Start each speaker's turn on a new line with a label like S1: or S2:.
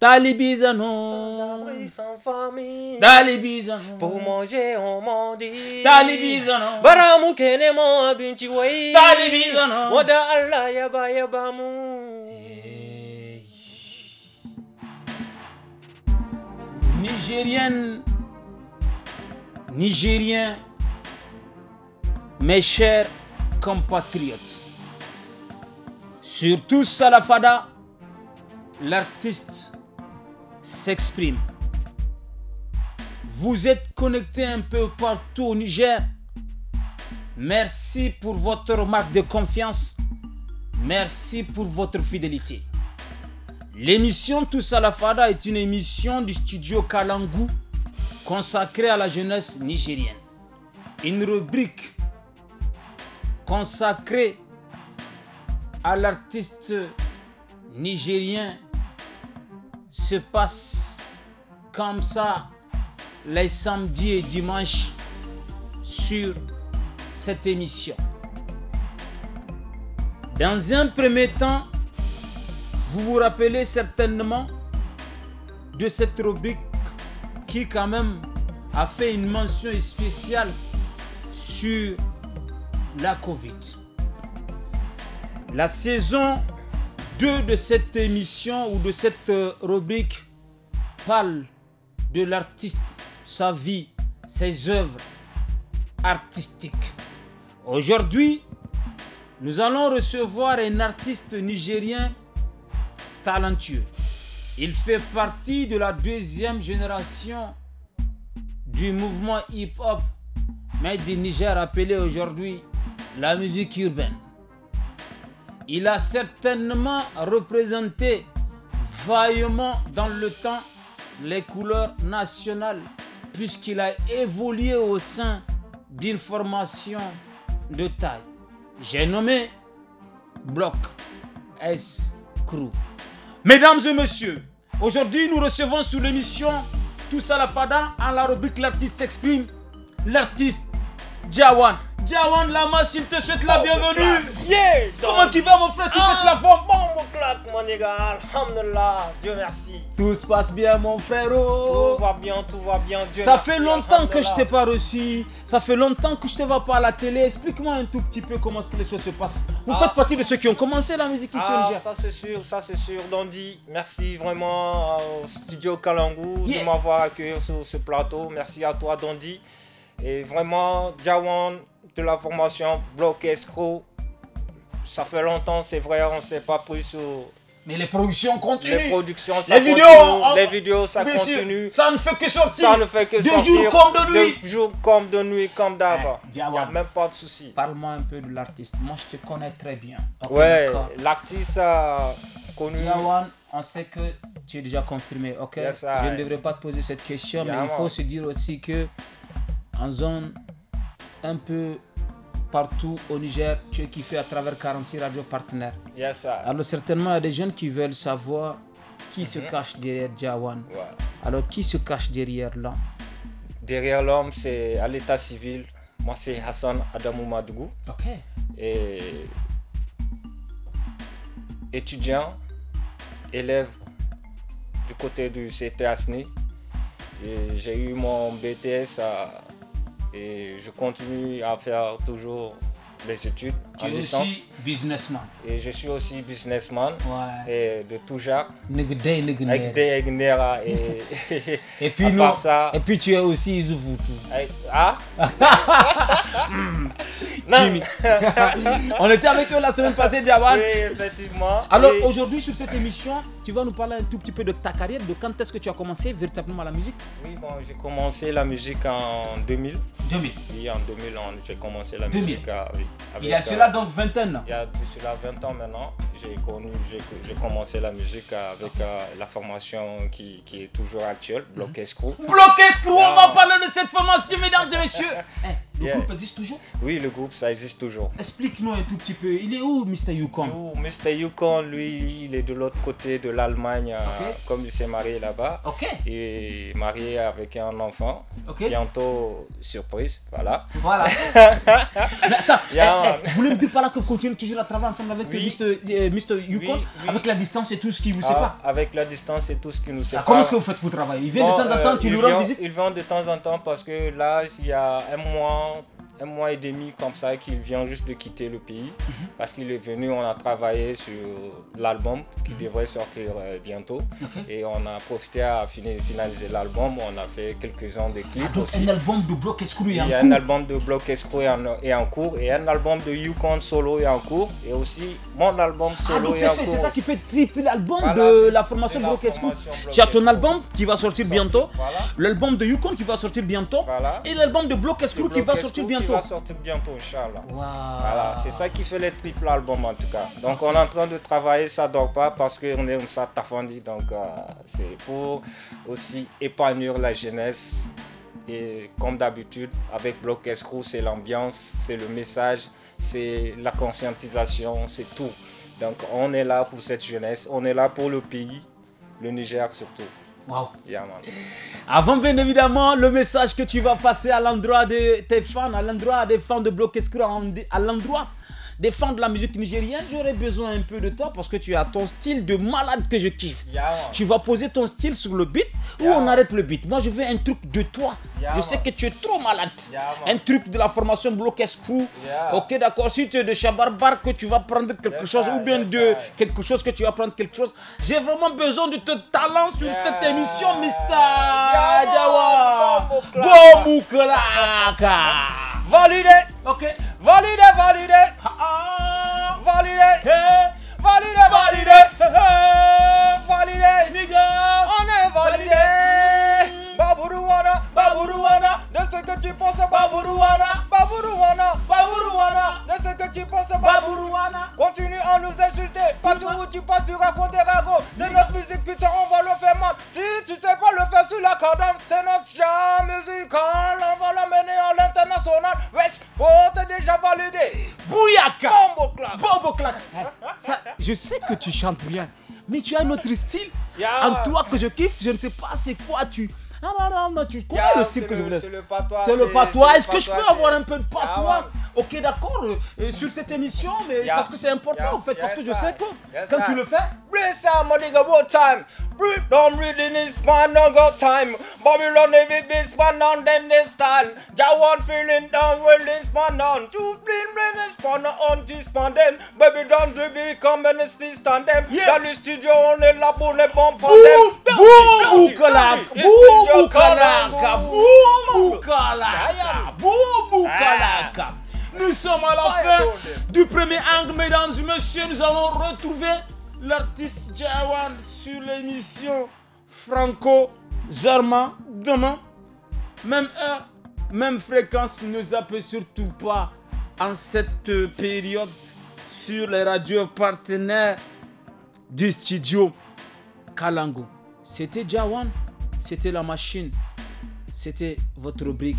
S1: Dali Sans
S2: abri, sans famille. Dali Pour manger, on mendie. Dali bisanon.
S1: Baramu kene mo
S2: Wada Allah yaba yaba
S1: Nigérienne, Nigérien, mes chers compatriotes, surtout Salafada, l'artiste s'exprime. Vous êtes connecté un peu partout au Niger. Merci pour votre marque de confiance. Merci pour votre fidélité. L'émission Tous la Fada est une émission du studio Kalangu consacrée à la jeunesse nigérienne. Une rubrique consacrée à l'artiste nigérien se passe comme ça les samedis et dimanches sur cette émission. Dans un premier temps, vous vous rappelez certainement de cette rubrique qui quand même a fait une mention spéciale sur la COVID. La saison deux de cette émission ou de cette euh, rubrique parle de l'artiste, sa vie, ses œuvres artistiques. Aujourd'hui, nous allons recevoir un artiste nigérien talentueux. Il fait partie de la deuxième génération du mouvement hip-hop, mais du Niger appelé aujourd'hui la musique urbaine. Il a certainement représenté vaillamment dans le temps les couleurs nationales, puisqu'il a évolué au sein d'une formation de taille. J'ai nommé Bloc S. Crew. Mesdames et messieurs, aujourd'hui nous recevons sous l'émission Tous à la Fada en la rubrique L'artiste s'exprime, l'artiste Jawan. Jawan Lama, s'il te souhaite la oh, bienvenue tu vas, mon frère Tu ah, la forme
S2: ah. Bon, mon claque, mon égal. Alhamdulillah, Dieu merci.
S1: Tout se passe bien, mon frère, oh. Tout
S2: va bien, tout va bien, Dieu Ça fait longtemps que je t'ai
S1: pas reçu. Ça fait longtemps que je te vois pas à la télé. Explique-moi un tout petit peu comment est-ce que les choses se passent. Vous faites ah. partie de ceux qui ont commencé la musique ici ah, Ça,
S2: c'est sûr, ça, c'est sûr. Dondi, merci vraiment euh, au studio Kalangu de m'avoir accueilli sur ce plateau. Merci à toi, Dondi, Et vraiment, Jawan de la formation Block Escrow, ça fait longtemps, c'est vrai, on ne s'est pas pris sur. Mais les productions continuent. Les productions, ça continue. Oh, les vidéos, ça continue.
S1: ça ne fait que sortir. Ça ne fait que de sortir. Jour comme de nuit.
S2: De jour comme de nuit, comme d'avant. Il n'y a même pas de souci. Parle-moi un peu de l'artiste. Moi, je te connais très bien. Oui, ouais, l'artiste a connu.
S1: Diawan, on sait que tu es déjà confirmé, ok Je ne devrais pas te poser cette question, mais il faut se dire aussi que en zone un peu partout au Niger, tu es kiffé à travers 46 radios partenaires. Alors certainement, il y a des jeunes qui veulent savoir qui se mhm. cache derrière Jawan. Alors qui se cache derrière l'homme
S2: Derrière l'homme, c'est à l'état civil. Moi, c'est Hassan Adamou Madougou. Et étudiant, élève du côté du CTASNI. J'ai eu mon BTS à et je continue à faire toujours des études en licence. aussi businessman. Et je suis aussi businessman. Ouais. Et de tout genre. Hein, et Et puis nous. Et puis tu es aussi Izuvutu. Ah. Hmm. On était avec eux
S1: la semaine passée, Diawan. Oui,
S2: effectivement. Alors aujourd'hui,
S1: sur cette émission, tu vas nous parler un tout petit peu de ta carrière, de quand est-ce que tu as commencé véritablement la musique Oui, bon, j'ai commencé
S2: la musique en 2000. 2000 Oui, en 2000, j'ai commencé la musique. 2000. Ah il y a euh, cela donc 20 ans Il y a cela 20 ans maintenant. J'ai commencé la musique avec euh, la formation qui, est toujours actuelle, Block hein? Escrew. Block Escrew, on va parler
S1: de cette formation, mesdames et messieurs. Le groupe existe toujours
S2: Oui, le groupe, ça existe toujours.
S1: Explique-nous un tout petit peu. Il est où, Mr. Yukon oh,
S2: Mr. Yukon, lui, il est de l'autre côté de l'Allemagne, euh, comme il s'est marié là-bas. Ok. Il est marié avec un enfant. Bientôt, surprise, voilà. Voilà. attends, eh, eh, vous ne me dites pas là
S1: que vous continuez toujours à
S2: travailler ensemble avec
S1: Mr. Euh, Yukon Avec la distance et tout ce qui vous ah, sépare
S2: ah, Avec la distance et tout ce qui nous ah, sépare. Ah, comment est-ce que vous faites pour travailler Il vient de temps en euh, temps, tu lui rends visite Il vient de temps en temps parce que là, il y a un mois, un mois et demi comme ça qu'il vient juste de quitter le pays. Mhm. Parce qu'il est venu, on a travaillé sur l'album qui mhm. devrait sortir euh, bientôt. Et on a profité à finaliser l'album. On a fait quelques ans des clips ah, donc
S1: Un album de Bloc
S2: Il y a un album de Bloc Escrew est en, cours. Et un album de Yukon Solo est en cours. Et aussi mon album Ah, c'est ça qui
S1: fait triple album de
S2: la formation SCREW Tu as ton
S1: album qui va sortir bientôt, l'album de Yukon qui va sortir bientôt, et l'album de BLOCK qui va sortir bientôt. Qui va
S2: sortir bientôt, c'est ça qui fait les triple albums en tout cas. Donc on est en train de travailler, ça dort pas parce qu'on est un ça Donc euh, c'est pour aussi épanouir la jeunesse. Et comme d'habitude, avec Block Escrew, c'est l'ambiance, c'est le message, c'est la conscientisation, c'est tout. Donc on est là pour cette jeunesse, on est là pour le pays, le Niger surtout. Wow. Avant bien évidemment le message que tu vas passer à l'endroit
S1: de tes fans, à l'endroit des fans de Bloquescura, à l'endroit défendre la musique nigérienne, j'aurais besoin un peu de toi parce que tu as ton style de malade que je kiffe. Tu vas poser ton style sur le beat ou on arrête le beat. Moi, je veux un truc de toi. je sais que tu es trop malade. un truc de la formation Block Crew. Ok, d'accord. Si tu es de barbare, que tu vas prendre quelque chose ou bien de quelque chose que tu vas prendre quelque chose. J'ai vraiment besoin de ton talent sur cette émission, Mister. Bon, Ok. Validé, validé. Validé. Validé, validé. Validé. On est validé. Baburuana, Baburuana. De ce que tu penses, Baburuana. Baburuana, Baburuana. De ce que tu penses, Baburuana.
S2: Continue à nous insulter. Partout où tu passes, tu racontes des ragots.
S1: je sais que tu chantes bien, mais tu as un autre style en toi que je kiffe. Je ne sais pas c'est quoi tu. Ah non, non, tu connais le style que je voulais. C'est
S2: le patois. C'est le patois. Est-ce que je peux avoir
S1: un peu de patois Ok, d'accord, euh, euh, sur cette émission, mais parce que c'est important en fait, parce que je sais que quand tu le fais. time. Breathe down,
S2: reading this man, no got time. Babylon, they it be man down, them they stand. Jah one feeling down, well, this man down. Choose blame, blame on this man, them. Baby, don't do be come and still stand them. Yeah. Dans le studio, on est là pour les bombes for them. Boum, boukalaka,
S1: boum, boukalaka,
S2: boum, boukalaka,
S1: boum, boukalaka. Nous sommes à la fin du premier angle, mesdames et messieurs. Nous allons retrouver l'artiste Jawan sur l'émission Franco Zerma demain. Même heure, même fréquence, ne zappez surtout pas en cette période sur les radios partenaires du studio Kalango. C'était Jawan, c'était la machine, c'était votre rubrique.